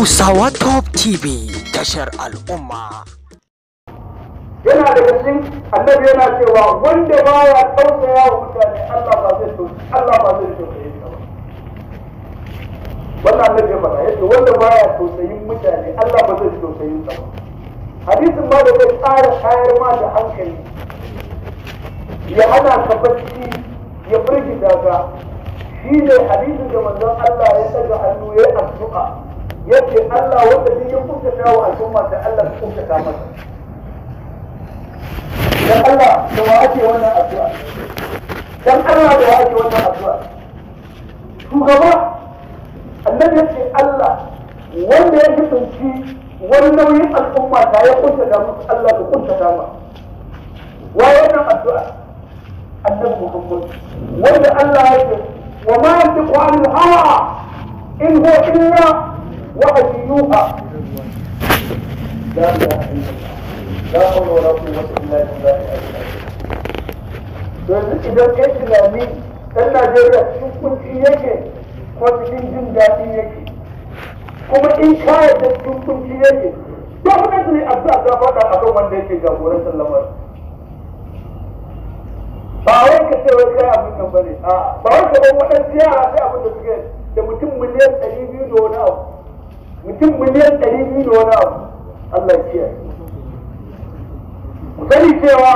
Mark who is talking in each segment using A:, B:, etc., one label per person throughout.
A: Hausawa Top TV tashar al'umma. Yana daga cikin annabi yana cewa wanda ba ya tausaya wa mutane Allah ba zai so Allah ba zai so da ba. Wannan annabi ya faɗa yadda wanda ba ya tausayin mutane Allah ba zai tausayin sa ba. Hadisin ma da zai tsara kayar ma da hankali. Ya hana ka bacci ya firgita ka shi ne hadisin da manzon Allah ya saka hannu ya addu'a yace Allah wanda duk ya kuntata wa al'umma da Allah ya kuntata ta dan Allah da wa ake wannan addu'a dan Allah da wa ake wannan addu'a shugaba annabi yace Allah wanda ya kusanci wani nauyin al'umma ta ya kuntata musu Allah ya kuntata wa wannan addu'a annabi Muhammad wanda Allah ya ce wa ma yantiqu anil hawa in huwa illa وحي يوحى لا اله الا الله لا حول ولا قوه الا بالله yanzu idan ya tunani ɗan Najeriya cikin kunci yake ko cikin jin daɗi yake kuma in kaya da cikin kunci yake definitely addu'a ta faɗa a kan wanda yake jagorantar lamarin ba wai ka ce wai kai abin nan Ba a ba wai ka bar waɗansu yara sai abin da suke da mutum miliyan ɗari biyu da wani abu mutum miliyan ɗari biyu da wani abu Allah ya kiyaye sani cewa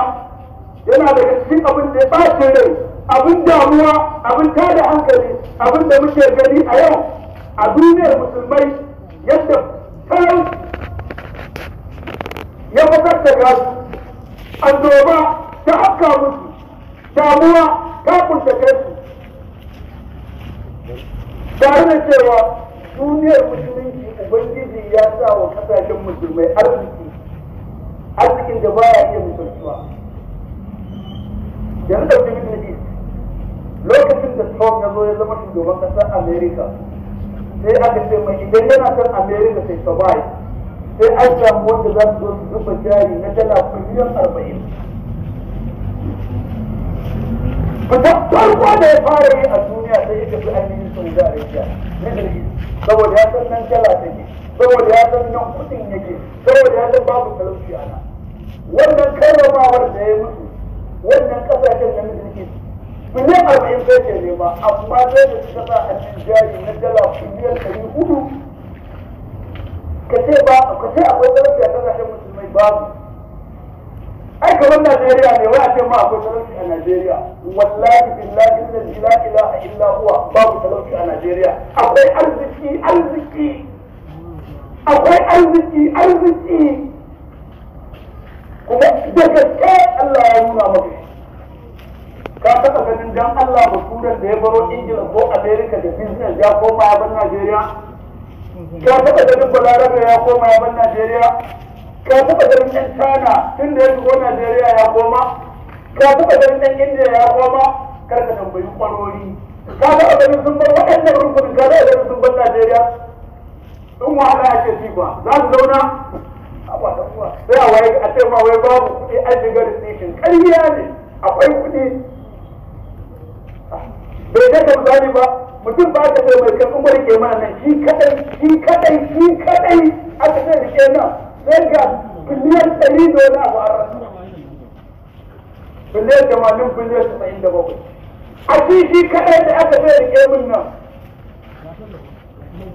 A: yana daga cikin abin da ya ɓace rai abin damuwa abin tada hankali abin da muke gani a yau a duniyar musulmai yadda tarin ya fitar da gasu annoba ta haka musu damuwa ta kai su tare da cewa duniyar musulunci ubangiji ya sa wa kasashen musulmai arziki arzikin da baya iya misaltuwa yanzu da wajen middle lokacin da trump ya zo ya zama shugaban kasar america sai aka ce mai idan yana kan america sai survive sai an samu wanda za su zo su zuba jari na dala miliyan arba'in fitar farko da ya fara yi a duniya sai ya tafi ainihin saudi arabia misali saboda ya san nan ta take saboda ya san nan kudin yake saboda ya san babu talauci ana wannan karramawar da ya mutu wannan kasashen da mutu miliyan arba'in sai ke nema amma sai da suka sa a cikin jari na dala miliyan ɗari hudu ka ce ba ka ce akwai talauci a kasashen musulmai babu ai kamar Najeriya ne wai a ce ma akwai talauci a Najeriya wallahi billahi allazi la ilaha illa huwa babu talauci a Najeriya akwai arziki arziki akwai arziki arziki kuma da gaske Allah ya nuna maka ka taɓa ganin dan Allah basuran da ya baro Ingila ko Amerika da business ya koma ya bar Najeriya ka taɓa ganin Balarabe ya koma ya bar Najeriya ka taɓa ganin ɗan china tun da ya shigo najeriya ya koma ka taɓa ganin ɗan indiya ya koma kar ka tambayi kwarori ka taɓa ganin sun bar waɗannan rukunin ka taɓa ganin sun bar najeriya in wahala ya ake ci ba za su zauna sai a waye a ce ma wai babu kuɗi an shiga recession ƙarya ne akwai kuɗi bai daga misali ba mutum ba ta ce mai kan umar ke mana nan shi kadai shi kadai shi kadai aka ce rike nan sai ga biliyan ɗari da wani abu a rasu biliyan tamanin biliyan saba'in da bakwai a shi shi kaɗai da aka zai rike min nan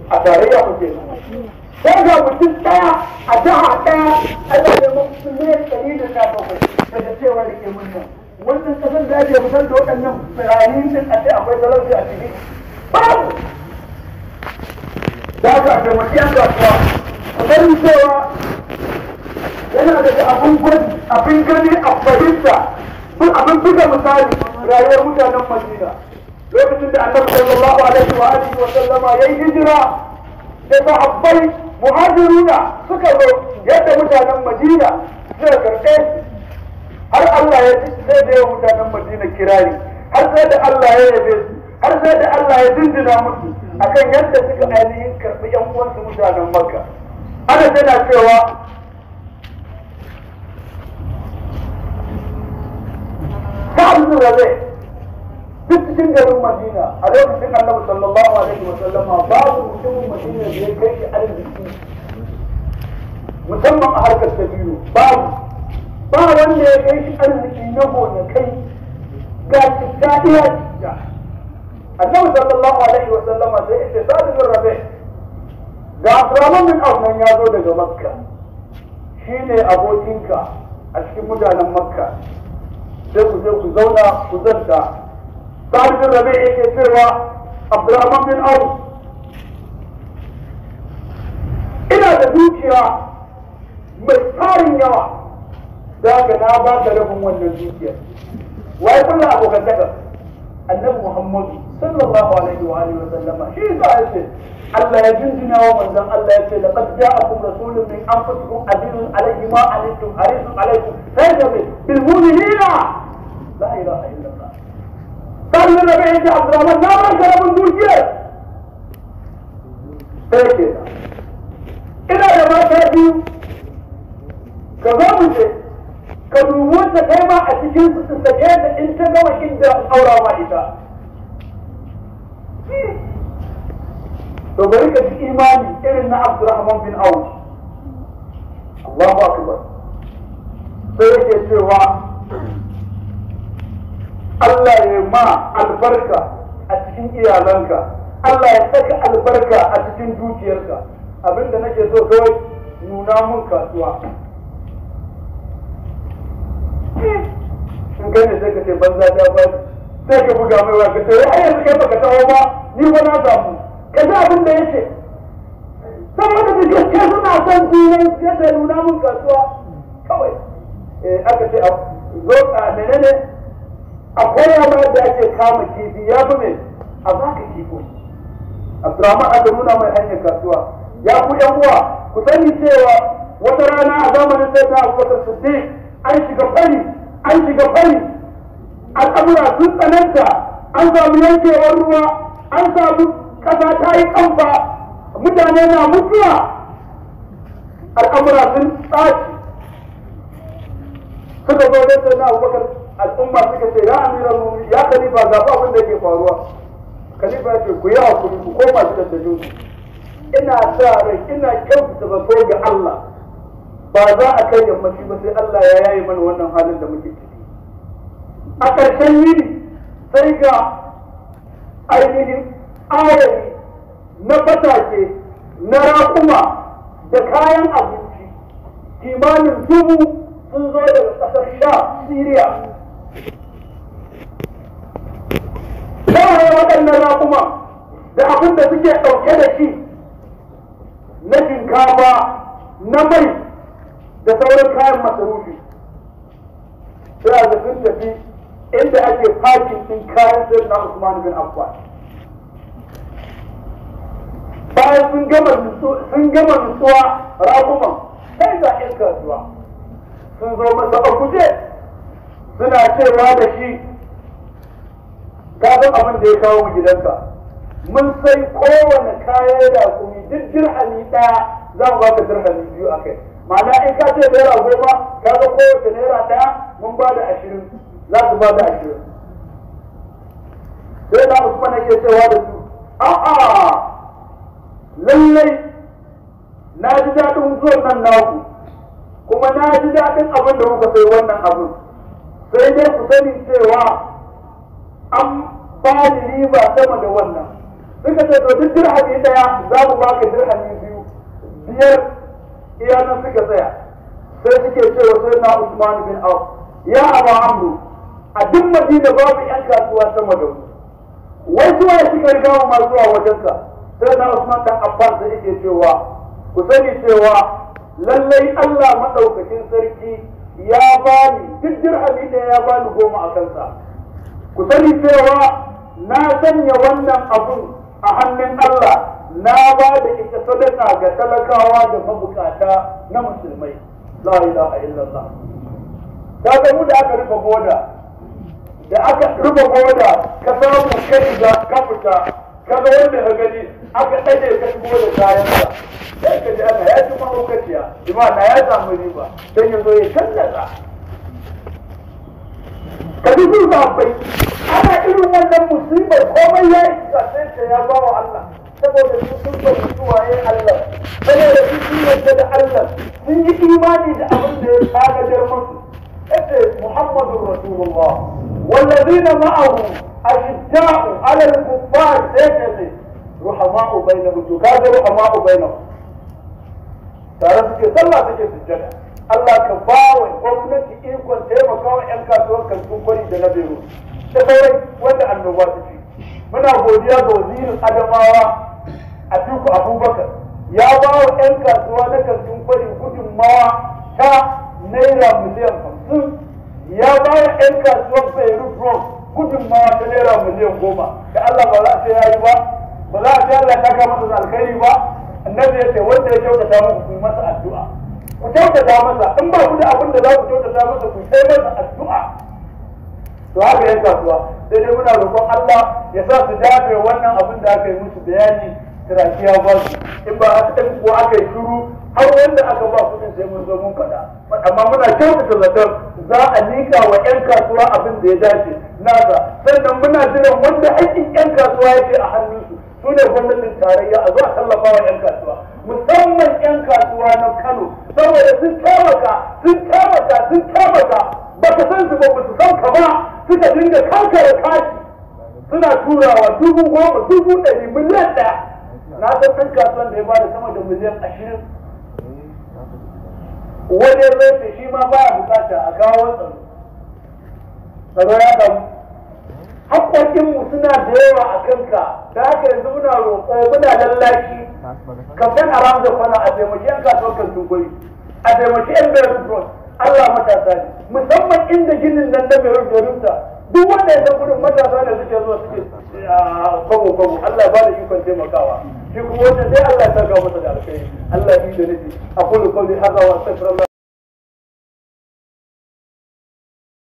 A: a tarayya kuke nan. ga mutum ɗaya a jiha ɗaya ana neman biliyan ɗari da sha bakwai daga cewa rike min nan wannan ƙasar da ake fitar da waɗannan birayen din a ce akwai talauci a ciki babu da aka taimaki an kasuwa a ganin cewa yana daga abin gwaji abin gani a fahimta duk abin buga misali rayuwar mutanen madina lokacin da annabi sallallahu alaihi wa alihi wa sallama yayi hijira da sahabbai muhajiruna suka zo yadda mutanen madina suka karɓe har Allah ya sai da yawan mutanen madina kirari har sai da Allah ya yabe su har sai da Allah ya dindina musu akan yadda suka ainihin karɓi yan uwansu mutanen makka ana tana cewa sa'ad bin duk cikin garin madina a lokacin annabi sallallahu alaihi wa sallama babu mutumin madina da ya kai shi arziki musamman a harkar ta biyu babu ba wanda ya kai shi arziki na gonakai ga ta iya jiya annabi alaihi wa sallama sai ya zo daga makka shine abokinka a cikin mutanen makka sai ku je ku zauna ku zanta sa'ad bin rabi yake cewa abdurrahman bin auf ina da dukiya mai tarin yawa da ga na ba da rabin wannan dukiyar wai kullu abokan daga annabi muhammadu sallallahu alaihi wa alihi wa sallama shi yasa yace Allah ya jinjina wa manzon Allah yace laqad ja'akum rasulun min anfusikum azizun alayhi ma anittum harisun alaykum sai da bil mu'minina la ilaha illallah kan da bai yi abdurrahman na ban karabin dukiyar ke ina da mata biyu ka zo mu je ka dubi ta kai ma a cikin su su sake ta in ta gama inda aurawa ita to bari ka ji imani irin na abdurrahman bin awf Allahu akbar sai yake cewa Allah ya ma albarka a cikin iyalanka Allah ya saka albarka a cikin dukiyarka abinda nake so kawai nuna mun kasuwa in kai ne sai ka ce banza ta bari, sai ka buga mai waka sai ai yanzu kai baka tawo ba ni ba na samu ka ji abin da yake saboda da gaske suna son junan sai nuna mun kasuwa kawai eh, aka ce a zo a menene akwai yamma da ake kama kifi ya fi mai a baka kifo abdurrahman aka nuna mai hanyar kasuwa ya ku yan uwa ku sani cewa wata rana a zamanin sai ta abubakar siddiq an shiga fari an shiga fari al'amura sun tsananta an samu yankewar ruwa an samu kasa ta yi kamfa mutane na mutuwa al'amura sun tsaci suka zo da sai na abubakar al'umma suka ce ya amira mu ya khalifa ga ba abin da yake faruwa khalifa ya ce ku yi hakuri ku koma su da ina sa rai ina kyautata zato ga Allah ba za a kai yammaci ba sai Allah ya yaye mana wannan halin da muke ciki a ƙarshen yini sai ga ainihin ayari na fatake na raƙuma da kayan abinci kimanin dubu sun zo daga ƙasar sha siriya kawai waɗannan raƙuma da abin da suke ɗauke da shi na shinkafa na mai da sauran kayan masarufi sai a zafin tafi inda ake fakin ɗin kayan sai na Usman bin Affan bayan sun gama sun gama nutsuwa raƙuman sai ga ƴan sun zo masa a guje suna cewa da shi ka san abin da ya kawo mu gidansa mun sai kowane kaya da kuma duk hali ɗaya za mu baka dirhami biyu a kai ma'ana in ka ce naira goma ka ga kowace naira ɗaya mun ba da ashirin za su ba da ashirin sai da usman yake cewa da su a'a lallai na ji daɗin zuwan nan naku kuma na ji daɗin abin da muka sai wannan abin sai dai ku sani cewa an tsalili ba sama da wannan suka ce to duk dirhami daya za mu baka dirhami biyu biyar iyanan suka tsaya sai suke cewa sai na Usman bin Auf ya Aba Amru a duk Madina babu yan kasuwa sama da mu wai zuwa ya suka riga masu zuwa wajensa sai na Usman da Affan da yake cewa ku sani cewa lallai Allah madaukakin sarki ya bani duk dirhami daya ya bani goma a kansa ku sani cewa na sanya wannan abu a hannun Allah na ba da ita sadaka ga talakawa da mabukata na musulmai la ilaha illallah ta mu da aka rufe boda da aka rufe boda ka samu kai da ka fita kaga wanda ka gani aka tsaye ka shigo da kayan ka sai ka ji ana ya ci mahaukaciya imana ya samu riba don yanzu ya tallata ka ji zuwa bai ana irin wannan musibar komai ya yi kasance ya ba wa Allah saboda su sun bauta suwaye Allah saboda su sun yarda da Allah sun yi imani da abin da ya tagadar musu yace Muhammadur Rasulullah wallazina ma'ahu ashidda'u 'ala al-kuffar sayyidu ruhama'u bainahum to kaga ruhama'u bainahum tare suke sallah suke da Allah ka ba wa gwamnati ikon taimaka wa 'yan kasuwar kasuwar da na Beirut da sauran wanda annoba su ce muna godiya ga wazirin adamawa a duku abubakar ya ba wa 'yan kasuwa na kantin kwari gudunmawa ta naira miliyan hamsin ya ba wa 'yan kasuwar beirut rock gudunmawa ta naira miliyan goma da allah ba za ta yayi ba ba za a ta allah ta kama da alkhairi ba annabi ya ce wanda ya kyautata muku ku masa addu'a ku kyautata masa in ba ku da abin da za ku kyautata masa ku sai masa addu'a to haka yan kasuwa sai dai muna roƙon Allah ya sa su dafe wannan abin da aka yi musu bayani tirakiya ba su in ba a ɗan ko aka yi shiru har wanda aka ba kuɗin sai mun zo mun faɗa amma muna kyautata zaton za a nika wa yan kasuwa abin da ya dace nasa sannan muna jiran wanda aikin yan kasuwa yake a hannunsu su ne gwamnatin tarayya a zo a tallafa wa yan kasuwa musamman yan kasuwa na Kano saboda sun taimaka sun taimaka sun taimaka ba ka ba ba su san ka ba suka dinga kankare kashi suna turawa dubu goma dubu ɗari miliyan ɗaya na san ɗan kasuwan da ya bada sama da miliyan ashirin wani rai shi ma ba a bukata a kawo tsaro tsaro ya samu haƙƙoƙinmu suna da yawa a kanka da haka yanzu muna roƙo muna lallashi ka san a ramza kwana a taimaki 'yan kasuwar kan a taimaki 'yan bayar Allah matasa ne musamman inda ginin nan da mai rubuta duk wanda ya san gudun matasa ne suke zuwa suke kwamo kwamo Allah ba da ikon taimakawa shi kuma wannan sai Allah ya saka masa da alkhairi Allah ya yi da nufi aqulu qawli hadha wa astaghfirullah